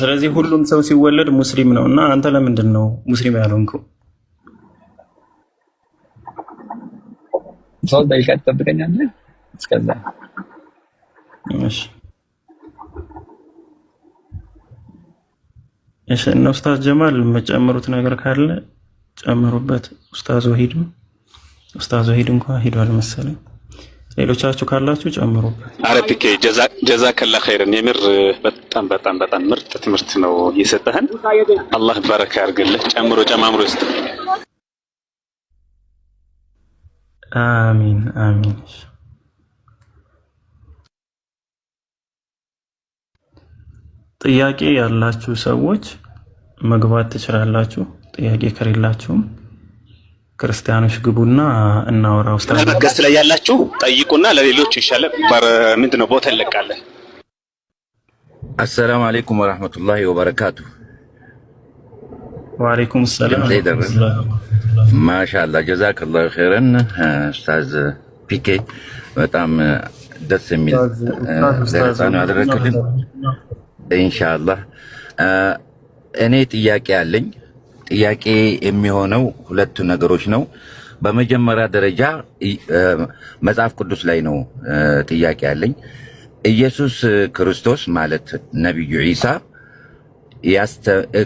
ስለዚህ ሁሉም ሰው ሲወለድ ሙስሊም ነው እና አንተ ለምንድን ነው ሙስሊም ያልሆንከው? ሰው ደቂቃ ትጠብቀኛለህ? እስከዛ እሺ። እና ኡስታዝ ጀማል የምጨምሩት ነገር ካለ ጨምሩበት። ኡስታዝ ወሂድ ኡስታዝ ወሂድ እንኳን ሂዷል መሰለኝ። ሌሎቻችሁ ካላችሁ ጨምሩበት። አረፒኬ ጀዛ ከላ ኸይረን። የምር በጣም በጣም በጣም ምርጥ ትምህርት ነው የሰጠህን። አላህ በረካ ያርግልህ፣ ጨምሮ ጨማምሮ ይስጥ። አሚን አሚን። ጥያቄ ያላችሁ ሰዎች መግባት ትችላላችሁ። ጥያቄ ከሌላችሁም ክርስቲያኖች ግቡና እናወራ። ውስጥ ገስት ላይ ያላችሁ ጠይቁና ለሌሎች ይሻላል። ምንድነው ቦታ እንለቃለን። አሰላሙ አለይኩም ወራህመቱላሂ ወበረካቱ። ወአለይኩም ሰላም። ማሻአላ ጀዛከላሁ ኸይረን ኡስታዝ ፒኬ በጣም ደስ የሚል ገለጻ ነው ያደረግልን። ኢንሻአላህ እኔ ጥያቄ አለኝ ጥያቄ የሚሆነው ሁለቱ ነገሮች ነው። በመጀመሪያ ደረጃ መጽሐፍ ቅዱስ ላይ ነው ጥያቄ ያለኝ። ኢየሱስ ክርስቶስ ማለት ነቢዩ ዒሳ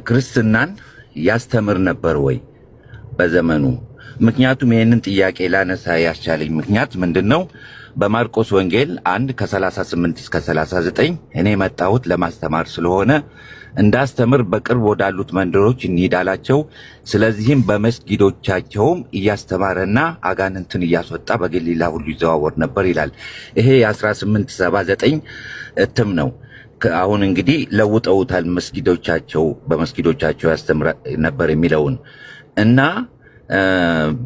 ክርስትናን ያስተምር ነበር ወይ በዘመኑ? ምክንያቱም ይህንን ጥያቄ ላነሳ ያስቻለኝ ምክንያት ምንድን ነው? በማርቆስ ወንጌል አንድ ከ38 እስከ 39 እኔ መጣሁት ለማስተማር ስለሆነ እንዳስተምር በቅርብ ወዳሉት መንደሮች እንሄዳላቸው ስለዚህም በመስጊዶቻቸውም እያስተማረና አጋንንትን እያስወጣ በገሊላ ሁሉ ይዘዋወር ነበር ይላል። ይሄ የ1879 እትም ነው። አሁን እንግዲህ ለውጠውታል። መስጊዶቻቸው በመስጊዶቻቸው ያስተምር ነበር የሚለውን እና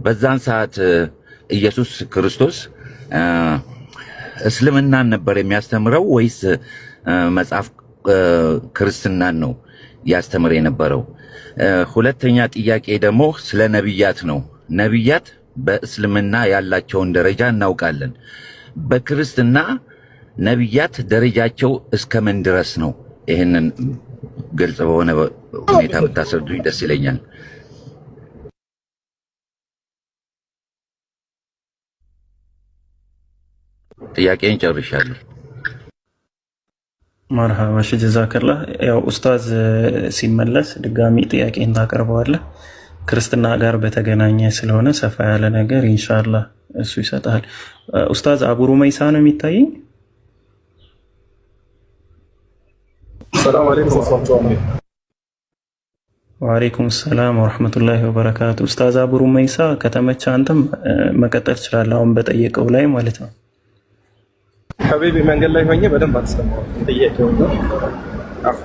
በዛን ሰዓት ኢየሱስ ክርስቶስ እስልምናን ነበር የሚያስተምረው ወይስ መጽሐፍ ክርስትናን ነው ያስተምር የነበረው? ሁለተኛ ጥያቄ ደግሞ ስለ ነቢያት ነው። ነቢያት በእስልምና ያላቸውን ደረጃ እናውቃለን። በክርስትና ነቢያት ደረጃቸው እስከምን ድረስ ነው? ይህንን ግልጽ በሆነ ሁኔታ ብታስረዱኝ ደስ ይለኛል። ጥያቄን ጨርሻለሁ። መርሃባ ሽ ጀዛከላ። ያው ኡስታዝ ሲመለስ ድጋሚ ጥያቄን ታቀርበዋለህ። ክርስትና ጋር በተገናኘ ስለሆነ ሰፋ ያለ ነገር ኢንሻላ እሱ ይሰጣል። ኡስታዝ አቡሩ መይሳ ነው የሚታየኝ። ወአሌይኩም ሰላም ወረሕመቱላሂ ወበረካቱ። ኡስታዝ አቡሩ መይሳ ከተመቻ አንተም መቀጠል ትችላለህ፣ አሁን በጠየቀው ላይ ማለት ነው። ሐቢብ መንገድ ላይ ሆኜ በደንብ አትሰማው ጥያቄው ነው። አፎ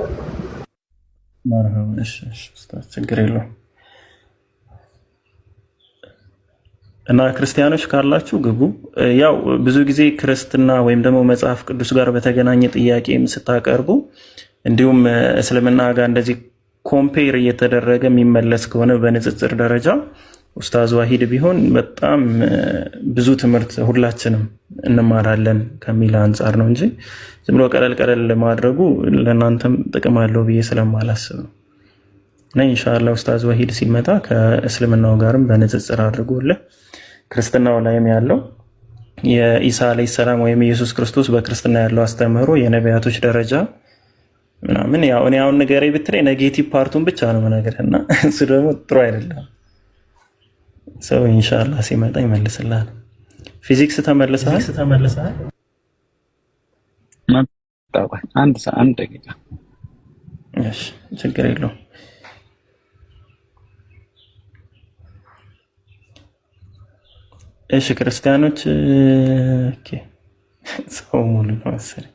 መርሃም እሺ፣ ችግር የለውም። እና ክርስቲያኖች ካላችሁ ግቡ። ያው ብዙ ጊዜ ክርስትና ወይም ደግሞ መጽሐፍ ቅዱስ ጋር በተገናኘ ጥያቄም ስታቀርቡ እንዲሁም እስልምና ጋር እንደዚህ ኮምፔር እየተደረገ የሚመለስ ከሆነ በንጽጽር ደረጃ ኡስታዝ ዋሂድ ቢሆን በጣም ብዙ ትምህርት ሁላችንም እንማራለን ከሚል አንጻር ነው እንጂ ዝም ብሎ ቀለል ቀለል ማድረጉ ለእናንተም ጥቅም አለው ብዬ ስለማላስብ ነው። እና ኢንሻላ ኡስታዝ ዋሂድ ሲመጣ ከእስልምናው ጋርም በንጽጽር አድርጎለ ክርስትናው ላይም ያለው የኢሳ አለይ ሰላም ወይም ኢየሱስ ክርስቶስ በክርስትና ያለው አስተምህሮ የነቢያቶች ደረጃ ምናምን ያው እኔ አሁን ንገረኝ ብትለኝ ኔጌቲቭ ፓርቱን ብቻ ነው የምነግርህ እና እሱ ደግሞ ጥሩ አይደለም። ሰው ኢንሻአላህ ሲመጣ ይመልስልሃል። ፊዚክስ ተመልሰሃል? አንድ ሰዓት አንድ ደቂቃ። እሺ ችግር የለውም። እሺ ክርስቲያኖች ኦኬ። ሰው ሙሉ ነው መሰለኝ።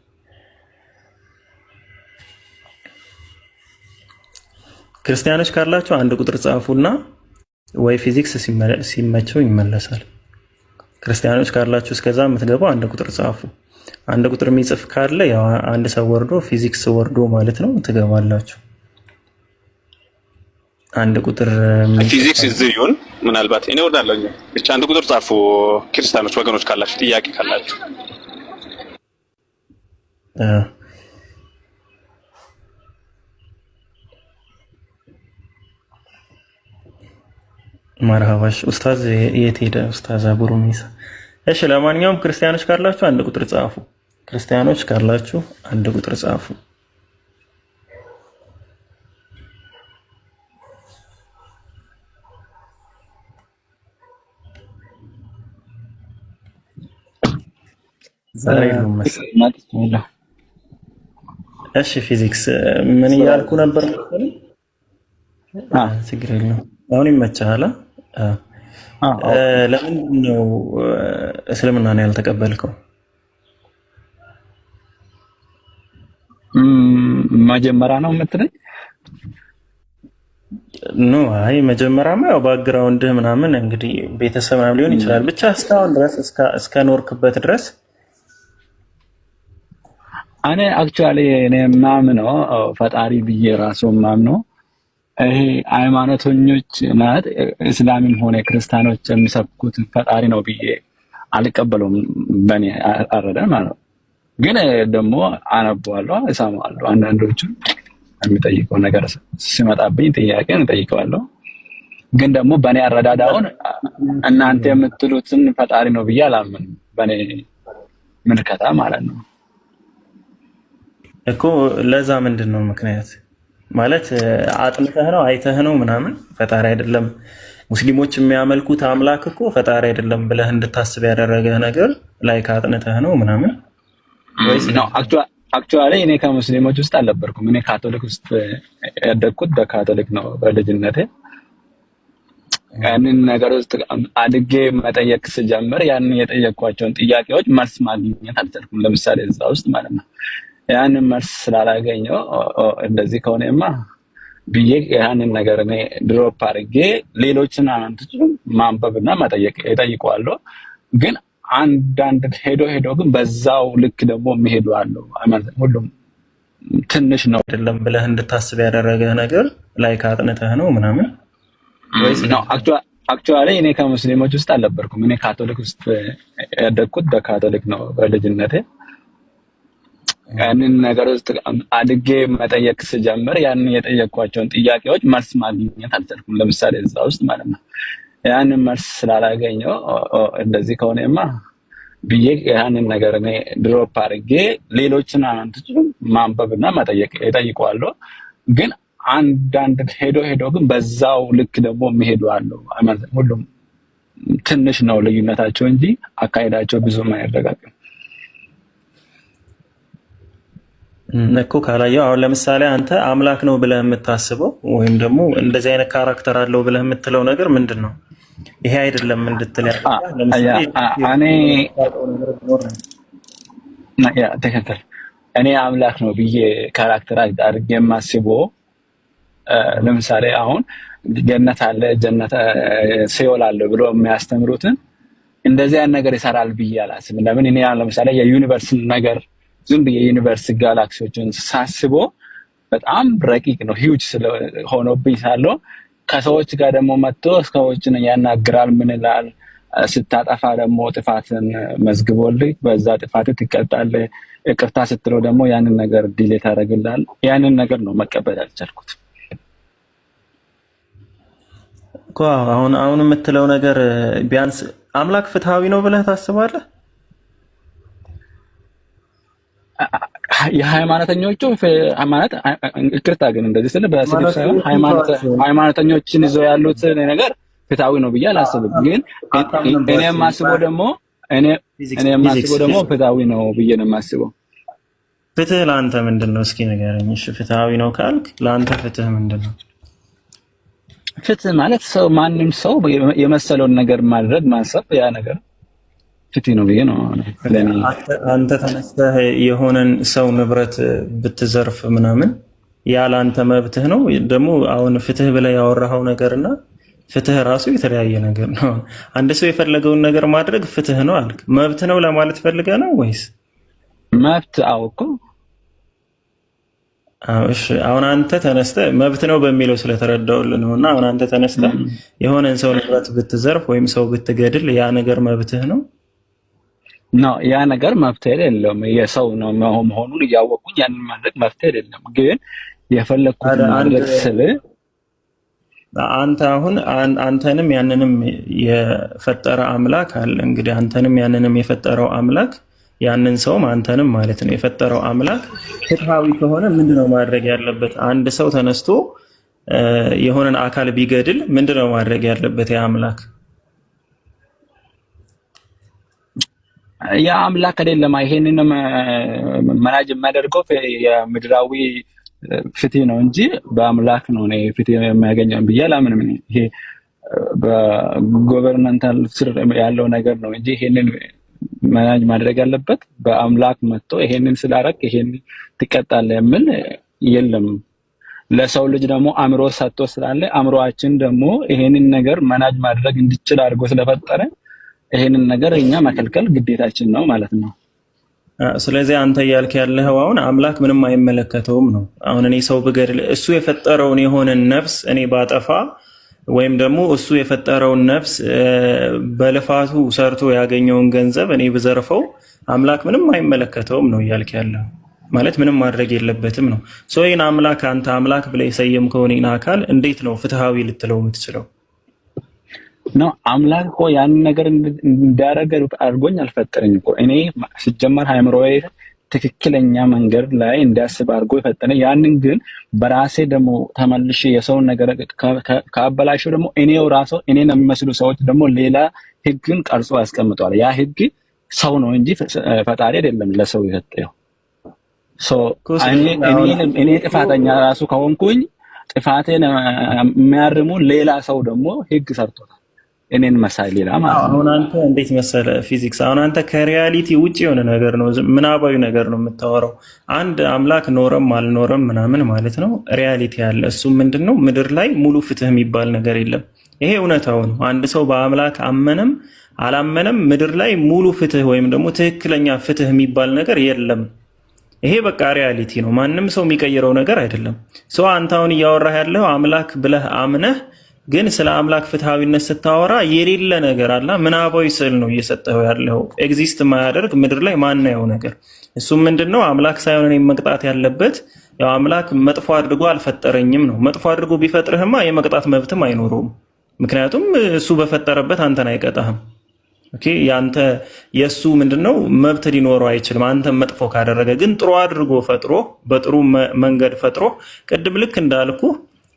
ክርስቲያኖች ካላችሁ አንድ ቁጥር ጻፉና ወይ ፊዚክስ ሲመቸው ይመለሳል። ክርስቲያኖች ካላችሁ እስከዛ የምትገቡ አንድ ቁጥር ጻፉ። አንድ ቁጥር የሚጽፍ ካለ አንድ ሰው ወርዶ ፊዚክስ ወርዶ ማለት ነው ትገባላችሁ። አንድ ቁጥር ፊዚክስ እዚህ ይሁን ምናልባት እኔ ወርዳለሁ። ብቻ አንድ ቁጥር ጻፉ ክርስቲያኖች ወገኖች ካላችሁ ጥያቄ ካላችሁ መርሃባሽ ኡስታዝ የት ሄደ? ኡስታዝ አቡሩ ሚሳ። እሺ ለማንኛውም ክርስቲያኖች ካላችሁ አንድ ቁጥር ጻፉ። ክርስቲያኖች ካላችሁ አንድ ቁጥር ጻፉ። እሺ ፊዚክስ ምን እያልኩ ነበር? ችግር የለውም። አሁን ይመችሃል። ለምንድን ነው እስልምናን ያልተቀበልከው? መጀመሪያ ነው የምትለኝ? ኖ አይ መጀመሪያማ ያው ባክግራውንድህ ምናምን እንግዲህ ቤተሰብ ምናምን ሊሆን ይችላል። ብቻ እስካሁን ድረስ እስከ ኖርክበት ድረስ እኔ አክቹዋሊ እኔ ማምነው ፈጣሪ ብዬ ራሱ ማምነው ይሄ ሃይማኖተኞች ማለት እስላምም ሆነ ክርስቲያኖች የሚሰብኩት ፈጣሪ ነው ብዬ አልቀበለውም። በእኔ አረዳን ማለት ነው። ግን ደግሞ አነበዋለሁ፣ እሰማዋለሁ። አንዳንዶቹ የሚጠይቀው ነገር ሲመጣብኝ ጥያቄን እጠይቀዋለሁ። ግን ደግሞ በእኔ አረዳዳውን እናንተ የምትሉትን ፈጣሪ ነው ብዬ አላምን። በእኔ ምልከታ ማለት ነው እኮ ለዛ ምንድን ነው ምክንያት ማለት አጥንተህ ነው አይተህ ነው ምናምን ፈጣሪ አይደለም። ሙስሊሞች የሚያመልኩት አምላክ እኮ ፈጣሪ አይደለም ብለህ እንድታስብ ያደረገ ነገር ላይ ከአጥንተህ ነው ምናምን። አክቹዋሊ እኔ ከሙስሊሞች ውስጥ አልነበርኩም። እኔ ካቶሊክ ውስጥ ያደግኩት በካቶሊክ ነው በልጅነቴ። ያንን ነገር ውስጥ አድጌ መጠየቅ ስጀምር ያንን የጠየቅኳቸውን ጥያቄዎች መልስ ማግኘት አልቻልኩም። ለምሳሌ እዛ ውስጥ ማለት ነው ያንን መልስ ስላላገኘው እንደዚህ ከሆነማ ብዬ ያንን ነገር እኔ ድሮፕ አድርጌ ሌሎችን አንቶችን ማንበብና መጠየቅ እጠይቀዋለሁ። ግን አንዳንድ ሄዶ ሄዶ ግን በዛው ልክ ደግሞ የሚሄዱ አሉ። ሁሉም ትንሽ ነው አይደለም ብለህ እንድታስብ ያደረገ ነገር ላይ ከአጥንተህ ነው ምናምን ነው። አክቹዋሊ እኔ ከሙስሊሞች ውስጥ አልነበርኩም። እኔ ካቶሊክ ውስጥ ያደግኩት በካቶሊክ ነው በልጅነቴ ያንን ነገር ውስጥ አድጌ መጠየቅ ስጀምር ያንን የጠየቅኳቸውን ጥያቄዎች መልስ ማግኘት አልቻልኩም። ለምሳሌ እዛ ውስጥ ማለት ነው። ያንን መልስ ስላላገኘው እንደዚህ ከሆነማ ብዬ ያንን ነገር እኔ ድሮፕ አድርጌ ሌሎችን አንቶች ማንበብና መጠየቅ እጠይቀዋለሁ። ግን አንዳንድ ሄዶ ሄዶ ግን በዛው ልክ ደግሞ የሚሄዱ አሉ። ሁሉም ትንሽ ነው ልዩነታቸው እንጂ አካሄዳቸው ብዙም አይረጋግም። እኮ ካላየው አሁን ለምሳሌ አንተ አምላክ ነው ብለህ የምታስበው ወይም ደግሞ እንደዚህ አይነት ካራክተር አለው ብለህ የምትለው ነገር ምንድን ነው? ይሄ አይደለም እንድትል ትክክል። እኔ አምላክ ነው ብዬ ካራክተር አድርጌ የማስበው ለምሳሌ አሁን ገነት አለ ጀነት ሲኦል አለ ብሎ የሚያስተምሩትን እንደዚህ አይነት ነገር ይሰራል ብዬ አላስብም። ለምን እኔ ለምሳሌ የዩኒቨርስን ነገር ዝም ብዬ የዩኒቨርስ ጋላክሲዎችን ሳስቦ በጣም ረቂቅ ነው ሂውጅ ስለሆነብኝ ሳለው ከሰዎች ጋር ደግሞ መጥቶ ሰዎችን ያናግራል። ምን ይላል ስታጠፋ ደግሞ ጥፋትን መዝግቦልህ በዛ ጥፋት ትቀጣለ ይቅርታ ስትለው ደግሞ ያንን ነገር ዲሌ ታደርግልሃል። ያንን ነገር ነው መቀበል ያልቻልኩት። አሁን አሁን የምትለው ነገር ቢያንስ አምላክ ፍትሐዊ ነው ብለህ ታስባለህ? የሃይማኖተኞቹ ማለት ይቅርታ ግን እንደዚህ ስል በስድብ ሳይሆን ሃይማኖተኞችን ይዘው ያሉት ነገር ፍትሐዊ ነው ብዬ አላስብም። ግን እኔ የማስበው ደግሞ እኔ የማስበው ደግሞ ፍትሐዊ ነው ብዬ ነው የማስበው። ፍትህ ለአንተ ምንድን ነው? እስኪ ንገረኝ። እሺ ፍትሐዊ ነው ካልክ ለአንተ ፍትህ ምንድን ነው? ፍትህ ማለት ሰው ማንም ሰው የመሰለውን ነገር ማድረግ ማሰብ ያ ነገር ፍቲ ነው ብዬ ነው። አንተ ተነስተህ የሆነን ሰው ንብረት ብትዘርፍ ምናምን ያለ አንተ መብትህ ነው። ደግሞ አሁን ፍትህ ብለህ ያወራኸው ነገርና ፍትህ ራሱ የተለያየ ነገር ነው። አንድ ሰው የፈለገውን ነገር ማድረግ ፍትህ ነው አልክ። መብት ነው ለማለት ፈልገህ ነው ወይስ መብት? አዎ እኮ አሁን አንተ ተነስተህ መብት ነው በሚለው ስለተረዳሁልህ ነው። እና አሁን አንተ ተነስተህ የሆነን ሰው ንብረት ብትዘርፍ ወይም ሰው ብትገድል ያ ነገር መብትህ ነው ነው ያ ነገር መፍትሄ የለውም። የሰው ነው መሆኑን እያወቁኝ ያንን ማድረግ መፍትሄ የለም። ግን የፈለግኩት ማድረግ ስል አንተ አሁን አንተንም ያንንም የፈጠረ አምላክ አለ። እንግዲህ አንተንም ያንንም የፈጠረው አምላክ ያንን ሰውም አንተንም ማለት ነው የፈጠረው አምላክ ፍትሃዊ ከሆነ ምንድነው ማድረግ ያለበት? አንድ ሰው ተነስቶ የሆነን አካል ቢገድል ምንድነው ማድረግ ያለበት? ያ አምላክ ያ አምላክ አይደለም። ይሄንን መናጅ የሚያደርገው የምድራዊ ፍትህ ነው እንጂ በአምላክ ነው እኔ ፍትህ የሚያገኘው ብዬ አላምንም። ይሄ በጎቨርንመንታል ስር ያለው ነገር ነው እንጂ ይሄንን መናጅ ማድረግ ያለበት በአምላክ መጥቶ ይሄንን ስላረግ ይሄን ትቀጣለ የሚል የለም። ለሰው ልጅ ደግሞ አእምሮ ሰጥቶ ስላለ አእምሮአችን ደግሞ ይሄንን ነገር መናጅ ማድረግ እንዲችል አድርጎ ስለፈጠረ ይሄንን ነገር እኛ መከልከል ግዴታችን ነው ማለት ነው። ስለዚህ አንተ እያልክ ያለኸው አሁን አምላክ ምንም አይመለከተውም ነው። አሁን እኔ ሰው ብገድል እሱ የፈጠረውን የሆነን ነፍስ እኔ ባጠፋ ወይም ደግሞ እሱ የፈጠረውን ነፍስ በልፋቱ ሰርቶ ያገኘውን ገንዘብ እኔ ብዘርፈው አምላክ ምንም አይመለከተውም ነው እያልክ ያለኸው ማለት ምንም ማድረግ የለበትም ነው። ሰው ይህን አምላክ አንተ አምላክ ብለህ የሰየምከውን አካል እንዴት ነው ፍትሃዊ ልትለው የምትችለው? ነው አምላክ እኮ ያንን ነገር እንዳደረገ አድርጎኝ አልፈጠረኝ እኮ እኔ ሲጀመር ሃይምሮዬ ትክክለኛ መንገድ ላይ እንዲያስብ አድርጎ የፈጠነ ያንን ግን በራሴ ደግሞ ተመልሼ የሰውን ነገር ከአበላሸው ደግሞ እኔው ራሰው እኔን የሚመስሉ ሰዎች ደግሞ ሌላ ህግን ቀርጾ ያስቀምጠዋል። ያ ህግ ሰው ነው እንጂ ፈጣሪ አይደለም ለሰው የሰጠው። እኔ ጥፋተኛ ራሱ ከሆንኩኝ ጥፋቴን የሚያርሙ ሌላ ሰው ደግሞ ህግ ሰርቶታል። እኔን መሳይ ሌላ ማለት ነው። አሁን አንተ እንዴት መሰለ ፊዚክስ፣ አሁን አንተ ከሪያሊቲ ውጭ የሆነ ነገር ነው፣ ምናባዊ ነገር ነው የምታወራው። አንድ አምላክ ኖረም አልኖረም ምናምን ማለት ነው። ሪያሊቲ አለ። እሱ ምንድን ነው? ምድር ላይ ሙሉ ፍትህ የሚባል ነገር የለም። ይሄ እውነታው ነው። አንድ ሰው በአምላክ አመነም አላመነም ምድር ላይ ሙሉ ፍትህ ወይም ደግሞ ትክክለኛ ፍትህ የሚባል ነገር የለም። ይሄ በቃ ሪያሊቲ ነው። ማንም ሰው የሚቀይረው ነገር አይደለም። ሰው አንተ አሁን እያወራህ ያለው አምላክ ብለህ አምነህ ግን ስለ አምላክ ፍትሐዊነት ስታወራ የሌለ ነገር አለ። ምናባዊ ስዕል ነው እየሰጠው ያለው ኤግዚስት ማያደርግ ምድር ላይ ማናየው ነገር። እሱም ምንድን ነው? አምላክ ሳይሆን መቅጣት ያለበት ያው አምላክ መጥፎ አድርጎ አልፈጠረኝም ነው። መጥፎ አድርጎ ቢፈጥርህማ የመቅጣት መብትም አይኖረውም። ምክንያቱም እሱ በፈጠረበት አንተን አይቀጣህም። ያንተ የእሱ ምንድን ነው መብት ሊኖረው አይችልም። አንተ መጥፎ ካደረገ ግን ጥሩ አድርጎ ፈጥሮ በጥሩ መንገድ ፈጥሮ ቅድም ልክ እንዳልኩ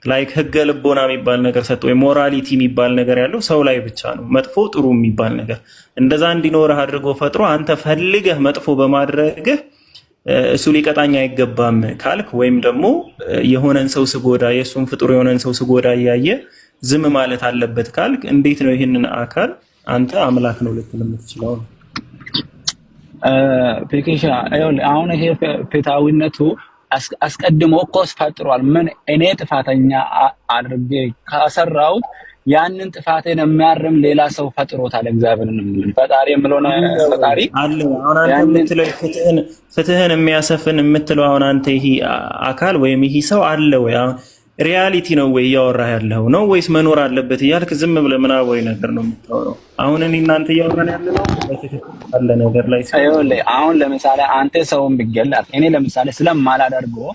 ላይክ ህገ ልቦና የሚባል ነገር ሰጥ ወይ ሞራሊቲ የሚባል ነገር ያለው ሰው ላይ ብቻ ነው። መጥፎ ጥሩ የሚባል ነገር እንደዛ እንዲኖርህ አድርጎ ፈጥሮ አንተ ፈልገህ መጥፎ በማድረግህ እሱ ሊቀጣኝ አይገባም ካልክ ወይም ደግሞ የሆነን ሰው ስጎዳ የእሱን ፍጡር የሆነን ሰው ስጎዳ እያየ ዝም ማለት አለበት ካልክ እንዴት ነው ይህንን አካል አንተ አምላክ ነው ልትል የምትችለው? ነው ፔኬሻ አሁን ይሄ ፌታዊነቱ አስቀድሞ እኮ ፈጥሯል። ምን እኔ ጥፋተኛ አድርጌ ከሰራሁት ያንን ጥፋቴን የሚያርም ሌላ ሰው ፈጥሮታል። እግዚአብሔርን የምልህ ፈጣሪ የምለው ፈጣሪ ፍትህን የሚያሰፍን የምትለው አሁን አንተ ይሄ አካል ወይም ይሄ ሰው አለ ወይ? አሁን ሪያሊቲ ነው ወይ እያወራ ያለው ነው ወይስ መኖር አለበት እያልክ ዝም ብለህ ምናባዊ ነገር ነው የምታወራው? አሁን እኔ እናንተ እያወራን ያለ ነው በትክክል ነገር ላይ አሁን ለምሳሌ አንተ ሰውን ብገል እኔ ለምሳሌ ስለማላደርገው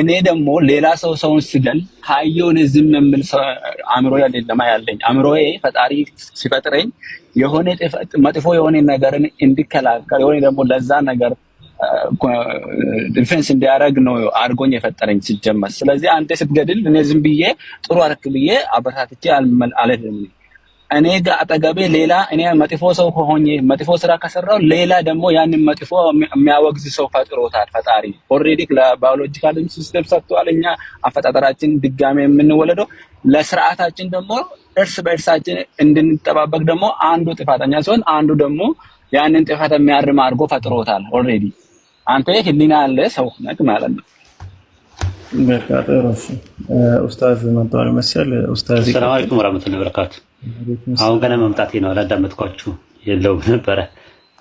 እኔ ደግሞ ሌላ ሰው ሰውን ስገል ካየውን ዝም የምል አእምሮ ለማ ያለኝ አእምሮዬ ፈጣሪ ሲፈጥረኝ የሆነ መጥፎ የሆነ ነገርን እንዲከላከል የሆነ ደግሞ ለዛ ነገር ዲፌንስ እንዲያደርግ ነው አድርጎኝ የፈጠረኝ ሲጀመር። ስለዚህ አንተ ስትገድል እኔ ዝም ብዬ ጥሩ አርክ ብዬ አበረታትቼ አልሄድም። እኔ ጋ አጠገቤ ሌላ እኔ መጥፎ ሰው ከሆኜ መጥፎ ስራ ከሰራው ሌላ ደግሞ ያንን መጥፎ የሚያወግዝ ሰው ፈጥሮታል ፈጣሪ። ኦልሬዲ ለባዮሎጂካል ሲስተም ሰጥቷል። እኛ አፈጣጠራችን ድጋሜ የምንወለደው ለስርዓታችን ደግሞ እርስ በእርሳችን እንድንጠባበቅ ደግሞ አንዱ ጥፋተኛ ሲሆን አንዱ ደግሞ ያንን ጥፋት የሚያርም አድርጎ ፈጥሮታል ኦልሬዲ አንተ ህሊና አለ ሰው ነህ ማለት ነው። በቃ ጥሩ ኡስታዝ መጥቷል መሰል። ኡስታዝ ሰላም አለይኩም ወራህመቱላሂ ወበረካቱ። አሁን ገና መምጣቴ ነው። አላዳመጥኳችሁ የለውም ነበረ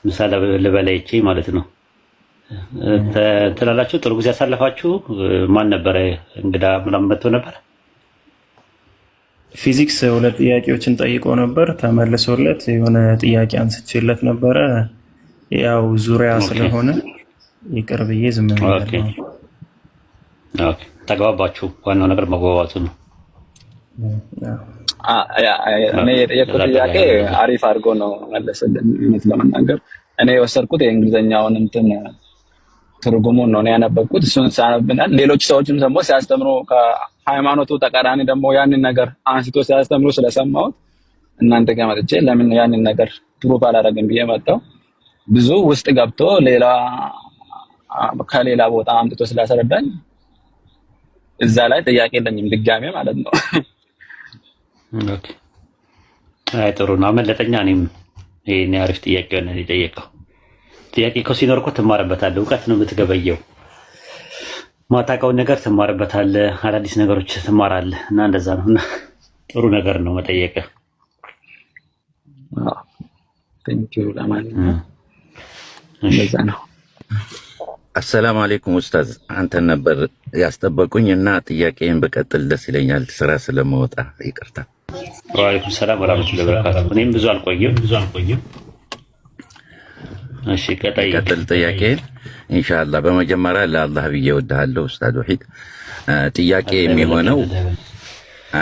ምሳሌ ልበላይቼ ማለት ነው። ትላላችሁ ጥሩ ጊዜ ያሳለፋችሁ ማን ነበረ? እንግዳ ምናምን መጥቶ ነበር? ፊዚክስ ሁለት ጥያቄዎችን ጠይቆ ነበር ተመልሶለት፣ የሆነ ጥያቄ አንስቼለት ነበረ ያው ዙሪያ ስለሆነ ይቅር ብዬ ዝም ነው። ተግባባችሁ። ዋናው ነገር መግባባቱ ነው። እኔ የጠየቁት ጥያቄ አሪፍ አድርጎ ነው መለሰልን። እውነት ለመናገር እኔ የወሰድኩት የእንግሊዝኛውን እንትን ትርጉሙን ነው ያነበብኩት። እሱን ሳነብናል። ሌሎች ሰዎችም ደግሞ ሲያስተምሩ ከሃይማኖቱ ተቃራኒ ደግሞ ያንን ነገር አንስቶ ሲያስተምሩ ስለሰማሁት እናንተ ጋር መጥቼ ለምን ያንን ነገር ፕሩፍ አላደረግም ብዬ መጣሁ። ብዙ ውስጥ ገብቶ ሌላ ከሌላ ቦታ አምጥቶ ስላስረዳኝ እዛ ላይ ጥያቄ የለኝም፣ ድጋሜ ማለት ነው። አይ ጥሩ ነው፣ አመለጠኛ። እኔም ይሄን አሪፍ ጥያቄ ሆነ የጠየቀው ጥያቄ እኮ ሲኖር እኮ ትማርበታለህ። እውቀት ነው የምትገበየው። ማታውቀውን ነገር ትማርበታለህ፣ አዳዲስ ነገሮች ትማራለህ። እና እንደዛ ነው። እና ጥሩ ነገር ነው መጠየቅ። ለማንኛውም እንደዛ ነው። አሰላሙ አሌይኩም ኡስታዝ፣ አንተን ነበር ያስጠበቁኝ እና ጥያቄን በቀጥል ደስ ይለኛል። ስራ ስለመወጣ ይቅርታ። ዋሌኩም ሰላም ወራህመቱላሂ ወበረካቱ። እኔም ብዙ አልቆየም ብዙ አልቆየም። እሺ ቀጣይ ቀጥል ጥያቄ ኢንሻአላህ። በመጀመሪያ ለአላህ ብዬ እወድሃለሁ ኡስታዝ ወሒድ። ጥያቄ የሚሆነው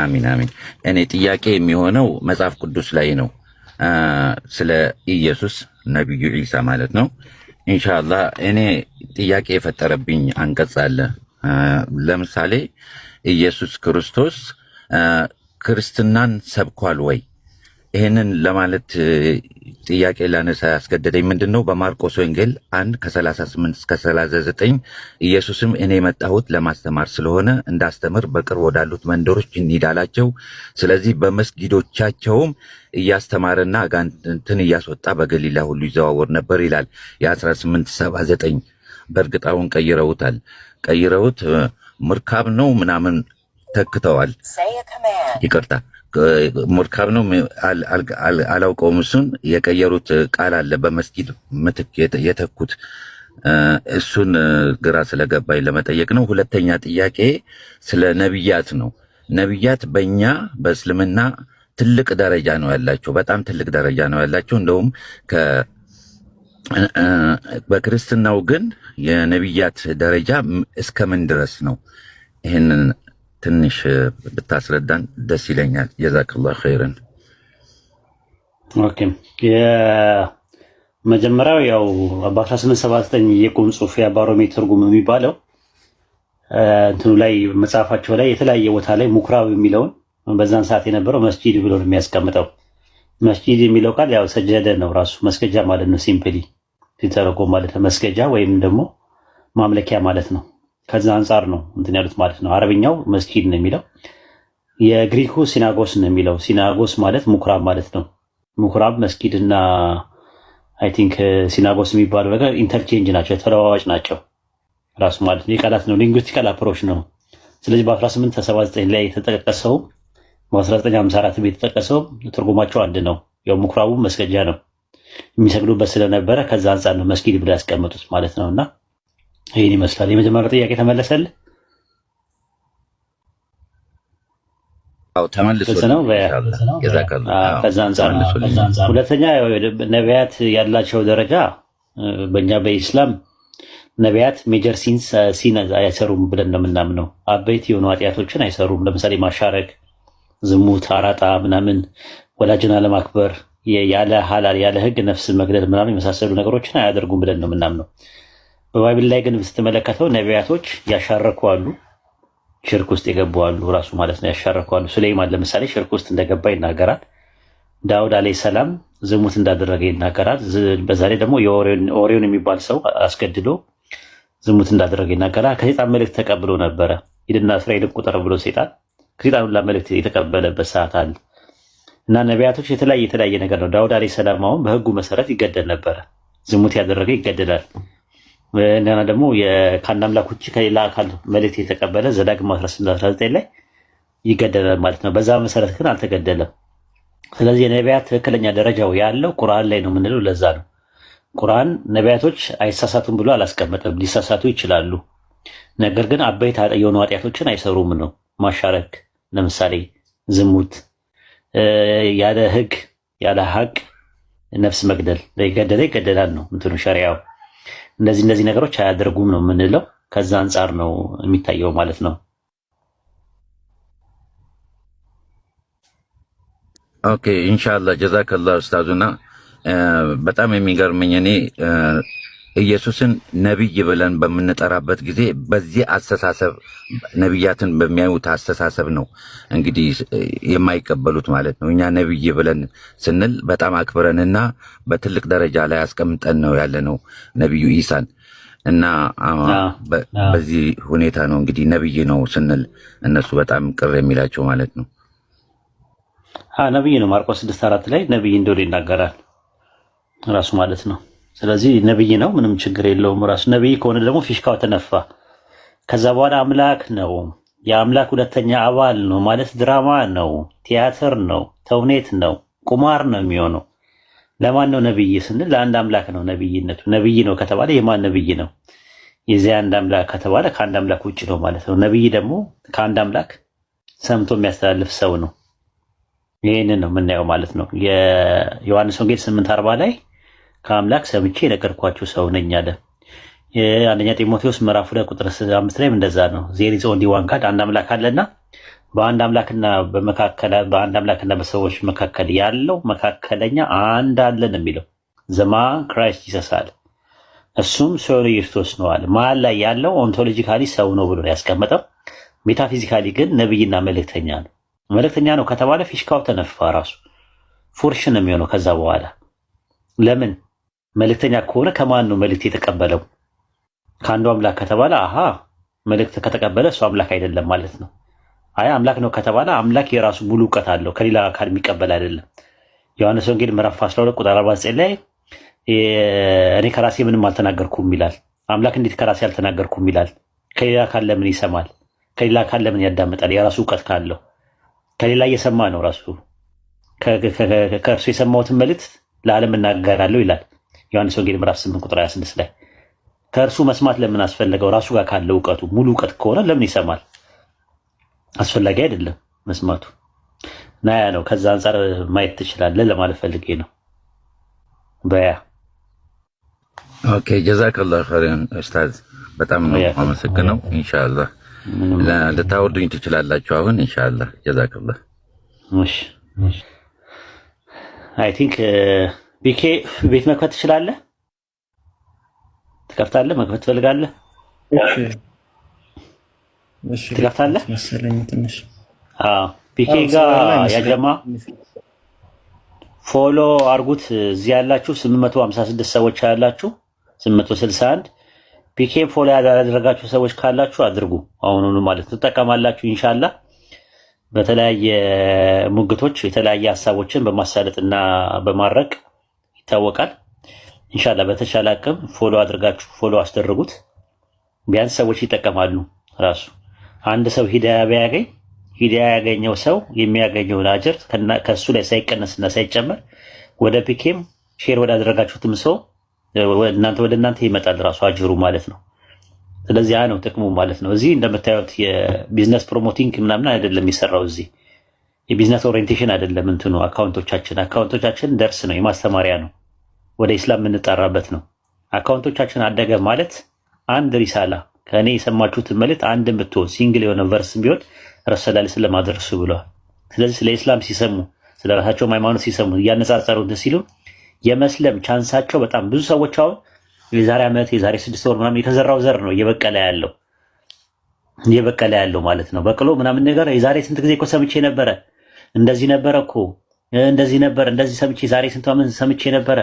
አሚን አሚን። እኔ ጥያቄ የሚሆነው መጽሐፍ ቅዱስ ላይ ነው ስለ ኢየሱስ ነቢዩ ዒሳ ማለት ነው ኢንሻላ እኔ ጥያቄ የፈጠረብኝ አንቀጽ አለ። ለምሳሌ ኢየሱስ ክርስቶስ ክርስትናን ሰብኳል ወይ? ይህንን ለማለት ጥያቄ ላነሳ ያስገደደኝ ምንድን ነው? በማርቆስ ወንጌል አንድ ከ38 እስከ 39 ኢየሱስም እኔ የመጣሁት ለማስተማር ስለሆነ እንዳስተምር በቅርብ ወዳሉት መንደሮች እንሂዳላቸው። ስለዚህ በመስጊዶቻቸውም እያስተማረና አጋንንትን እያስወጣ በገሊላ ሁሉ ይዘዋወር ነበር ይላል። የ1879 በእርግጣውን ቀይረውታል። ቀይረውት ምርካብ ነው ምናምን ተክተዋል። ይቅርታ ሙርካብ ነው አላውቀውም። እሱን የቀየሩት ቃል አለ በመስጊድ ምትክ የተኩት። እሱን ግራ ስለገባኝ ለመጠየቅ ነው። ሁለተኛ ጥያቄ ስለ ነቢያት ነው። ነቢያት በእኛ በእስልምና ትልቅ ደረጃ ነው ያላቸው፣ በጣም ትልቅ ደረጃ ነው ያላቸው። እንደውም በክርስትናው ግን የነቢያት ደረጃ እስከምን ድረስ ነው? ይህንን ትንሽ ብታስረዳን ደስ ይለኛል። ጀዛክላ ኸይረን። ኦኬ የመጀመሪያው ያው በ1879 የቁም ጽሁፍ የባሮሜ ትርጉም የሚባለው እንትኑ ላይ መጽሐፋቸው ላይ የተለያየ ቦታ ላይ ሙኩራብ የሚለውን በዛን ሰዓት የነበረው መስጂድ ብሎ ነው የሚያስቀምጠው። መስጂድ የሚለው ቃል ያው ሰጀደ ነው ራሱ መስገጃ ማለት ነው። ሲምፕሊ ሲተረጎም ማለት መስገጃ ወይም ደግሞ ማምለኪያ ማለት ነው። ከዛ አንጻር ነው እንትን ያሉት ማለት ነው። አረብኛው መስጊድ ነው የሚለው፣ የግሪኩ ሲናጎስ ነው የሚለው። ሲናጎስ ማለት ምኩራብ ማለት ነው። ምኩራብ እና አይ ቲንክ ሲናጎስ የሚባለው ነገር ኢንተርቼንጅ ናቸው፣ ተለዋዋጭ ናቸው ራሱ ማለት ነው። የቃላት ነው፣ ሊንጉስቲካል አፕሮች ነው። ስለዚህ በ1879 ላይ የተጠቀሰው በ1954 የተጠቀሰው ትርጉማቸው አንድ ነው። ያው ምኩራቡ መስገጃ ነው የሚሰግዱበት ስለነበረ ከዛ አንጻር ነው መስጊድ ብለው ያስቀመጡት ማለት ነው እና ይህን ይመስላል። የመጀመሪያ ጥያቄ ተመለሰል ሁለተኛ ነቢያት ያላቸው ደረጃ በእኛ በኢስላም ነቢያት ሜጀር ሲን አይሰሩም ብለን ነው የምናምነው። አበይት የሆኑ ኃጢአቶችን አይሰሩም። ለምሳሌ ማሻረክ፣ ዝሙት፣ አራጣ ምናምን፣ ወላጅን አለማክበር፣ ያለ ሀላል ያለ ህግ ነፍስ መግደል ምናምን የመሳሰሉ ነገሮችን አያደርጉም ብለን ነው የምናምነው። በባይብል ላይ ግን ስትመለከተው ነቢያቶች ያሻረኩ አሉ፣ ሽርክ ውስጥ የገቡ አሉ። ራሱ ማለት ነው ያሻረኩ አሉ። ሱሌይማን ለምሳሌ ሽርክ ውስጥ እንደገባ ይናገራል። ዳውድ አለይ ሰላም ዝሙት እንዳደረገ ይናገራል። በዛሬ ደግሞ የኦሪዮን የሚባል ሰው አስገድሎ ዝሙት እንዳደረገ ይናገራል። ከሴጣን መልእክት ተቀብሎ ነበረ። ሂድና እስራኤልን ቁጠር ብሎ ሴጣን ከሴጣን ሁላ መልእክት የተቀበለበት ሰዓት አለ እና ነቢያቶች የተለያየ የተለያየ ነገር ነው። ዳውድ አለይ ሰላም አሁን በህጉ መሰረት ይገደል ነበረ። ዝሙት ያደረገ ይገደላል። እንደና ደግሞ ከአንድ አምላክ ውጭ ከሌላ አካል መልእክት የተቀበለ ዘዳግም 1819 ላይ ይገደላል ማለት ነው። በዛ መሰረት ግን አልተገደለም። ስለዚህ የነቢያት ትክክለኛ ደረጃው ያለው ቁርአን ላይ ነው የምንለው። ለዛ ነው ቁርአን ነቢያቶች አይሳሳቱም ብሎ አላስቀመጠም። ሊሳሳቱ ይችላሉ፣ ነገር ግን አበይት የሆኑ ኃጢአቶችን አይሰሩም ነው። ማሻረክ፣ ለምሳሌ ዝሙት፣ ያለ ህግ ያለ ሀቅ ነፍስ መግደል፣ የገደለ ይገደላል ነው እንትኑ ሸሪያው እንደዚህ እንደዚህ ነገሮች አያደርጉም ነው የምንለው። ከዛ አንጻር ነው የሚታየው ማለት ነው። ኦኬ ኢንሻአላህ ጀዛከላህ ኡስታዙና በጣም የሚገርመኝ እኔ ኢየሱስን ነቢይ ብለን በምንጠራበት ጊዜ በዚህ አስተሳሰብ ነቢያትን በሚያዩት አስተሳሰብ ነው እንግዲህ የማይቀበሉት ማለት ነው። እኛ ነቢይ ብለን ስንል በጣም አክብረንና በትልቅ ደረጃ ላይ አስቀምጠን ነው ያለ ነው ነቢዩ ኢሳን እና በዚህ ሁኔታ ነው እንግዲህ ነቢይ ነው ስንል እነሱ በጣም ቅር የሚላቸው ማለት ነው። ነቢይ ነው። ማርቆስ ስድስት አራት ላይ ነቢይ እንደሆነ ይናገራል ራሱ ማለት ነው። ስለዚህ ነብይ ነው፣ ምንም ችግር የለውም። ራሱ ነብይ ከሆነ ደግሞ ፊሽካው ተነፋ። ከዛ በኋላ አምላክ ነው፣ የአምላክ ሁለተኛ አባል ነው ማለት ድራማ ነው፣ ቲያትር ነው፣ ተውኔት ነው፣ ቁማር ነው የሚሆነው። ለማን ነው ነብይ ስንል ለአንድ አምላክ ነው ነብይነቱ። ነብይ ነው ከተባለ የማን ነብይ ነው? የዚህ አንድ አምላክ ከተባለ ከአንድ አምላክ ውጭ ነው ማለት ነው። ነብይ ደግሞ ከአንድ አምላክ ሰምቶ የሚያስተላልፍ ሰው ነው። ይህንን ነው የምናየው ማለት ነው የዮሐንስ ወንጌል ስምንት አርባ ላይ ከአምላክ ሰምቼ የነገርኳችሁ ሰው ነኝ አለ። የአንደኛ ጢሞቴዎስ ምዕራፍ ሁለት ቁጥር አምስት ላይም እንደዛ ነው። ዜር ዘው ኦንሊ ዋን አንድ አምላክ አለና በአንድ አምላክና በአንድ አምላክና በሰዎች መካከል ያለው መካከለኛ አንድ አለን የሚለው ዘማን ክራይስት ይሰሳል እሱም ሰው ክርስቶስ ነው አለ። መሀል ላይ ያለው ኦንቶሎጂካሊ ሰው ነው ብሎ ያስቀመጠው፣ ሜታፊዚካሊ ግን ነብይና መልእክተኛ ነው። መልእክተኛ ነው ከተባለ ፊሽካው ተነፋ። ራሱ ፉርሽን የሚሆነው ከዛ በኋላ ለምን መልእክተኛ ከሆነ ከማን ነው መልእክት የተቀበለው? ከአንዱ አምላክ ከተባለ አሃ መልእክት ከተቀበለ እሱ አምላክ አይደለም ማለት ነው። አይ አምላክ ነው ከተባለ አምላክ የራሱ ሙሉ እውቀት አለው፣ ከሌላ አካል የሚቀበል አይደለም። ዮሐንስ ወንጌል ምዕራፍ 12 ቁጥር 49 ላይ እኔ ከራሴ ምንም አልተናገርኩም ይላል። አምላክ እንዴት ከራሴ አልተናገርኩም ይላል? ከሌላ አካል ለምን ይሰማል? ከሌላ አካል ለምን ያዳምጣል? የራሱ እውቀት ካለው ከሌላ እየሰማ ነው። ራሱ ከእርሱ የሰማሁትን መልእክት ለዓለም እናገራለሁ ይላል። ዮሐንስ ወንጌል ምዕራፍ 8 ቁጥር 26 ላይ ከእርሱ መስማት ለምን አስፈለገው? ራሱ ጋር ካለ እውቀቱ ሙሉ እውቀት ከሆነ ለምን ይሰማል? አስፈላጊ አይደለም መስማቱ ና ያ ነው። ከዛ አንጻር ማየት ትችላለህ ለማለት ፈልጌ ነው። በያ ኦኬ። ጀዛከላሁ ኸይረን ኡስታዝ፣ በጣም ነው አመሰግነው። ኢንሻአላህ ልታወርዱኝ ትችላላችሁ አሁን ኢንሻአላህ። ጀዛከላህ። እሺ አይ ቲንክ ቢኬ ቤት መክፈት ትችላለህ? ትከፍታለህ? መክፈት ትፈልጋለህ? ትከፍታለህ? ቢኬ ጋር ያጀማ ፎሎ አርጉት። እዚህ ያላችሁ 856 ሰዎች ያላችሁ 861 ቢኬ ፎሎ ያላደረጋችሁ ሰዎች ካላችሁ አድርጉ። አሁኑኑ ማለት ትጠቀማላችሁ ኢንሻላ በተለያየ ሙግቶች የተለያየ ሀሳቦችን በማሳለጥና በማድረግ ይታወቃል። እንሻላ በተቻለ አቅም ፎሎ አድርጋችሁ ፎሎ አስደረጉት። ቢያንስ ሰዎች ይጠቀማሉ። ራሱ አንድ ሰው ሂዳያ ቢያገኝ ሂዳያ ያገኘው ሰው የሚያገኘውን አጀር ከሱ ላይ ሳይቀነስና ሳይጨመር ወደ ፒኬም ሼር ወዳደረጋችሁትም ሰው እናንተ ወደ እናንተ ይመጣል ራሱ አጅሩ ማለት ነው። ስለዚህ ያ ነው ጥቅሙ ማለት ነው። እዚህ እንደምታዩት የቢዝነስ ፕሮሞቲንግ ምናምን አይደለም የሚሰራው እዚህ የቢዝነስ ኦሪየንቴሽን አይደለም እንትኑ አካውንቶቻችን አካውንቶቻችን ደርስ ነው፣ የማስተማሪያ ነው፣ ወደ ኢስላም የምንጠራበት ነው። አካውንቶቻችን አደገ ማለት አንድ ሪሳላ ከእኔ የሰማችሁትን መልት አንድ ምትሆ ሲንግል የሆነ ቨርስ ቢሆን ረሰላል ስለም አደረሱ ብለዋል። ስለዚህ ስለ ኢስላም ሲሰሙ ስለ ራሳቸውም ሃይማኖት ሲሰሙ እያነጻጸሩ ሲሉ የመስለም ቻንሳቸው በጣም ብዙ ሰዎች አሁን የዛሬ ዓመት የዛሬ ስድስት ወር ምናምን የተዘራው ዘር ነው እየበቀለ ያለው እየበቀለ ያለው ማለት ነው። በቅሎ ምናምን ነገር የዛሬ ስንት ጊዜ እኮ ሰምቼ ነበረ እንደዚህ ነበረ እኮ እንደዚህ ነበር እንደዚህ ሰምቼ ዛሬ ስንት ዓመት ሰምቼ ነበረ።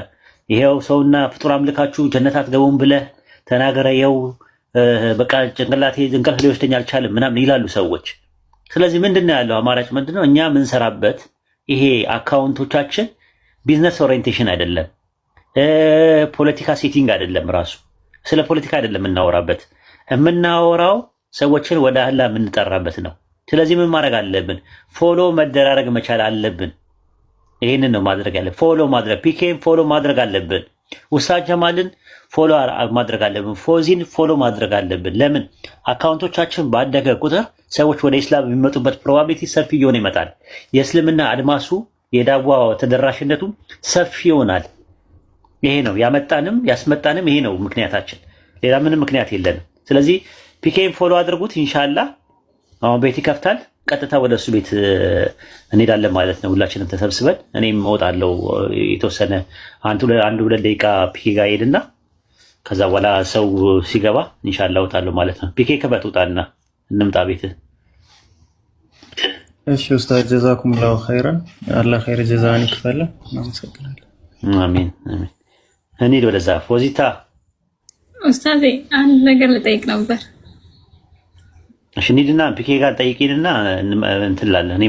ይሄው ሰውና ፍጡር አምልካችሁ ጀነት አትገቡም ብለህ ተናገረ። ይኸው በቃ ጭንቅላቴ እንቅልፍ ሊወስደኝ አልቻለም ምናምን ይላሉ ሰዎች። ስለዚህ ምንድን ነው ያለው አማራጭ ምንድን ነው? እኛ የምንሰራበት ይሄ አካውንቶቻችን ቢዝነስ ኦሪየንቴሽን አይደለም፣ ፖለቲካ ሴቲንግ አይደለም፣ ራሱ ስለ ፖለቲካ አይደለም የምናወራበት። የምናወራው ሰዎችን ወደ አህላ የምንጠራበት ነው። ስለዚህ ምን ማድረግ አለብን? ፎሎ መደራረግ መቻል አለብን። ይህንን ነው ማድረግ ያለብን። ፎሎ ማድረግ ፒኬን ፎሎ ማድረግ አለብን። ውሳን ጀማልን ፎሎ ማድረግ አለብን። ፎዚን ፎሎ ማድረግ አለብን። ለምን አካውንቶቻችን ባደገ ቁጥር ሰዎች ወደ ኢስላም የሚመጡበት ፕሮባቢሊቲ ሰፊ እየሆነ ይመጣል። የእስልምና አድማሱ የዳዋ ተደራሽነቱ ሰፊ ይሆናል። ይሄ ነው ያመጣንም ያስመጣንም ይሄ ነው ምክንያታችን። ሌላ ምንም ምክንያት የለንም። ስለዚህ ፒኬን ፎሎ አድርጉት ኢንሻላህ። አሁን ቤት ይከፍታል። ቀጥታ ወደ እሱ ቤት እንሄዳለን ማለት ነው። ሁላችንም ተሰብስበን እኔም እወጣለሁ የተወሰነ አንድ ሁለት ደቂቃ ፒኬ ጋር ሄድና ከዛ በኋላ ሰው ሲገባ እንሻላ እወጣለሁ ማለት ነው። ፒኬ ክፈት፣ ውጣና እንምጣ ቤት። እሺ ኡስታዝ ጀዛኩም ላሁ ኸይረን፣ አላህ ኸይር ጀዛን ይክፈለ። እናመሰግናለን። አሚን አሚን። እንሂድ ወደዛ ፎዚታ። ኡስታዝ አንድ ነገር ልጠይቅ ነበር እሺ እንሂድና ፒኬ ጋር ጠይቂንና እንትን እላለህ እኔ